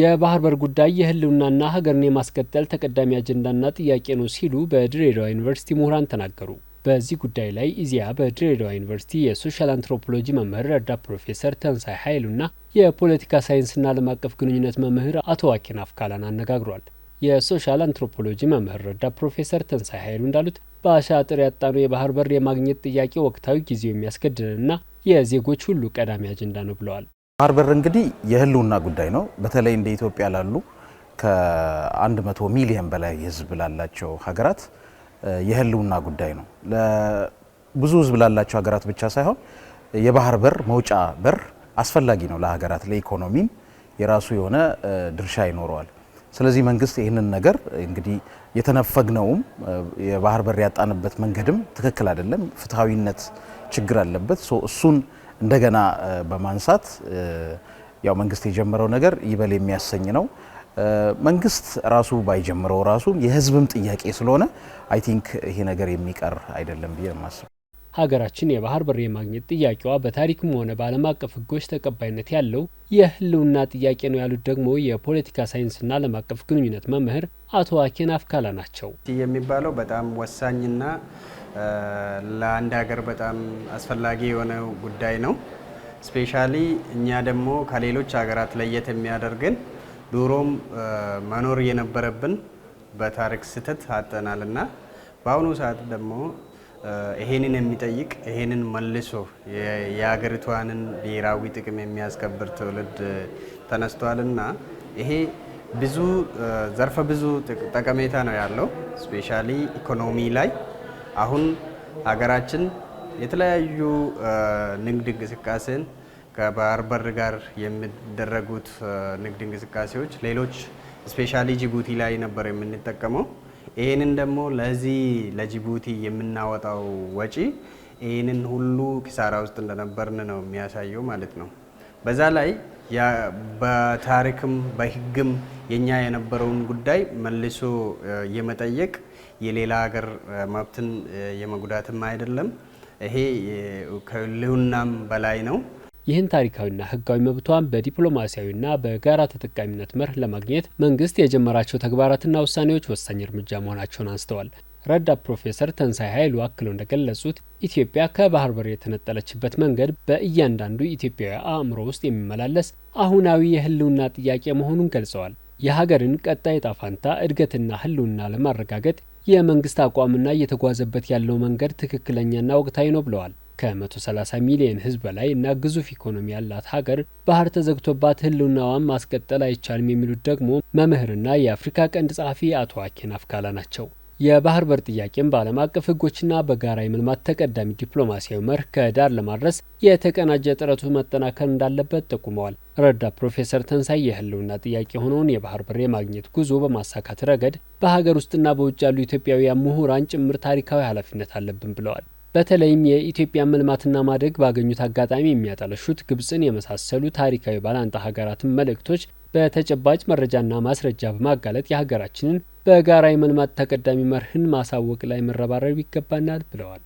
የባህር በር ጉዳይ የህልውናና ሀገርን የማስቀጠል ተቀዳሚ አጀንዳና ጥያቄ ነው ሲሉ በድሬዳዋ ዩኒቨርሲቲ ምሁራን ተናገሩ። በዚህ ጉዳይ ላይ ኢዜአ በድሬዳዋ ዩኒቨርሲቲ የሶሻል አንትሮፖሎጂ መምህር ረዳት ፕሮፌሰር ተንሳይ ኃይሉና የፖለቲካ ሳይንስና ዓለም አቀፍ ግንኙነት መምህር አቶ ዋኪን አፍካላን አነጋግሯል። የሶሻል አንትሮፖሎጂ መምህር ረዳት ፕሮፌሰር ተንሳይ ኃይሉ እንዳሉት በአሻጥር ያጣኑ የባህር በር የማግኘት ጥያቄ ወቅታዊ ጊዜው የሚያስገድድንና የዜጎች ሁሉ ቀዳሚ አጀንዳ ነው ብለዋል። በር እንግዲህ የህልውና ጉዳይ ነው። በተለይ እንደ ኢትዮጵያ ላሉ ከ100 ሚሊዮን በላይ ህዝብ ላላቸው ሀገራት የህልውና ጉዳይ ነው። ለብዙ ህዝብ ላላቸው ሀገራት ብቻ ሳይሆን የባህር በር መውጫ በር አስፈላጊ ነው ለሀገራት፣ ለኢኮኖሚም የራሱ የሆነ ድርሻ ይኖረዋል። ስለዚህ መንግስት ይህንን ነገር እንግዲህ የተነፈግነውም የባህር በር ያጣንበት መንገድም ትክክል አይደለም፣ ፍትሐዊነት ችግር አለበት። እሱን እንደገና በማንሳት ያው መንግስት የጀመረው ነገር ይበል የሚያሰኝ ነው። መንግስት ራሱ ባይጀምረው ራሱ የህዝብም ጥያቄ ስለሆነ አይ ቲንክ ይሄ ነገር የሚቀር አይደለም ብዬ ማስብ። ሀገራችን የባህር በር የማግኘት ጥያቄዋ በታሪክም ሆነ በዓለም አቀፍ ህጎች ተቀባይነት ያለው የህልውና ጥያቄ ነው ያሉት ደግሞ የፖለቲካ ሳይንስና ዓለም አቀፍ ግንኙነት መምህር አቶ አኬን አፍካላ ናቸው። የሚባለው በጣም ወሳኝና ለአንድ ሀገር በጣም አስፈላጊ የሆነ ጉዳይ ነው። ስፔሻሊ እኛ ደግሞ ከሌሎች ሀገራት ለየት የሚያደርግን ዶሮም መኖር የነበረብን በታሪክ ስህተት አጠናል እና በአሁኑ ሰዓት ደግሞ ይሄንን የሚጠይቅ ይሄንን መልሶ የሀገሪቷንን ብሔራዊ ጥቅም የሚያስከብር ትውልድ ተነስቷል እና ይሄ ብዙ ዘርፈ ብዙ ጠቀሜታ ነው ያለው ስፔሻሊ ኢኮኖሚ ላይ አሁን ሀገራችን የተለያዩ ንግድ እንቅስቃሴን ከባህር በር ጋር የሚደረጉት ንግድ እንቅስቃሴዎች ሌሎች ስፔሻሊ ጅቡቲ ላይ ነበር የምንጠቀመው። ይህንን ደግሞ ለዚህ ለጅቡቲ የምናወጣው ወጪ ይህንን ሁሉ ኪሳራ ውስጥ እንደነበርን ነው የሚያሳየው ማለት ነው። በዛ ላይ በታሪክም በህግም የኛ የነበረውን ጉዳይ መልሶ የመጠየቅ የሌላ ሀገር መብትን የመጉዳትም አይደለም። ይሄ ከልውናም በላይ ነው። ይህን ታሪካዊና ህጋዊ መብቷን በዲፕሎማሲያዊና በጋራ ተጠቃሚነት መርህ ለማግኘት መንግስት የጀመራቸው ተግባራትና ውሳኔዎች ወሳኝ እርምጃ መሆናቸውን አንስተዋል። ረዳት ፕሮፌሰር ተንሳይ ኃይሉ አክለው እንደገለጹት ኢትዮጵያ ከባህር በር የተነጠለችበት መንገድ በእያንዳንዱ ኢትዮጵያዊ አእምሮ ውስጥ የሚመላለስ አሁናዊ የህልውና ጥያቄ መሆኑን ገልጸዋል። የሀገርን ቀጣይ ጣፋንታ እድገትና ህልውና ለማረጋገጥ የመንግስት አቋምና እየተጓዘበት ያለው መንገድ ትክክለኛና ወቅታዊ ነው ብለዋል። ከ130 ሚሊዮን ህዝብ በላይ እና ግዙፍ ኢኮኖሚ ያላት ሀገር ባህር ተዘግቶባት ህልውናዋን ማስቀጠል አይቻልም የሚሉት ደግሞ መምህርና የአፍሪካ ቀንድ ጸሐፊ አቶ አኬን አፍካላ ናቸው። የባህር በር ጥያቄም በዓለም አቀፍ ህጎችና በጋራ የመልማት ተቀዳሚ ዲፕሎማሲያዊ መርህ ከዳር ለማድረስ የተቀናጀ ጥረቱ መጠናከር እንዳለበት ጠቁመዋል። ረዳት ፕሮፌሰር ተንሳይ የህልውና ጥያቄ የሆነውን የባህር በር የማግኘት ጉዞ በማሳካት ረገድ በሀገር ውስጥና በውጭ ያሉ ኢትዮጵያውያን ምሁራን ጭምር ታሪካዊ ኃላፊነት አለብን ብለዋል። በተለይም የኢትዮጵያን መልማትና ማደግ ባገኙት አጋጣሚ የሚያጠለሹት ግብፅን የመሳሰሉ ታሪካዊ ባላንጣ ሀገራትን መልእክቶች በተጨባጭ መረጃና ማስረጃ በማጋለጥ የሀገራችንን በጋራ የመልማት ተቀዳሚ መርህን ማሳወቅ ላይ መረባረብ ይገባናል ብለዋል።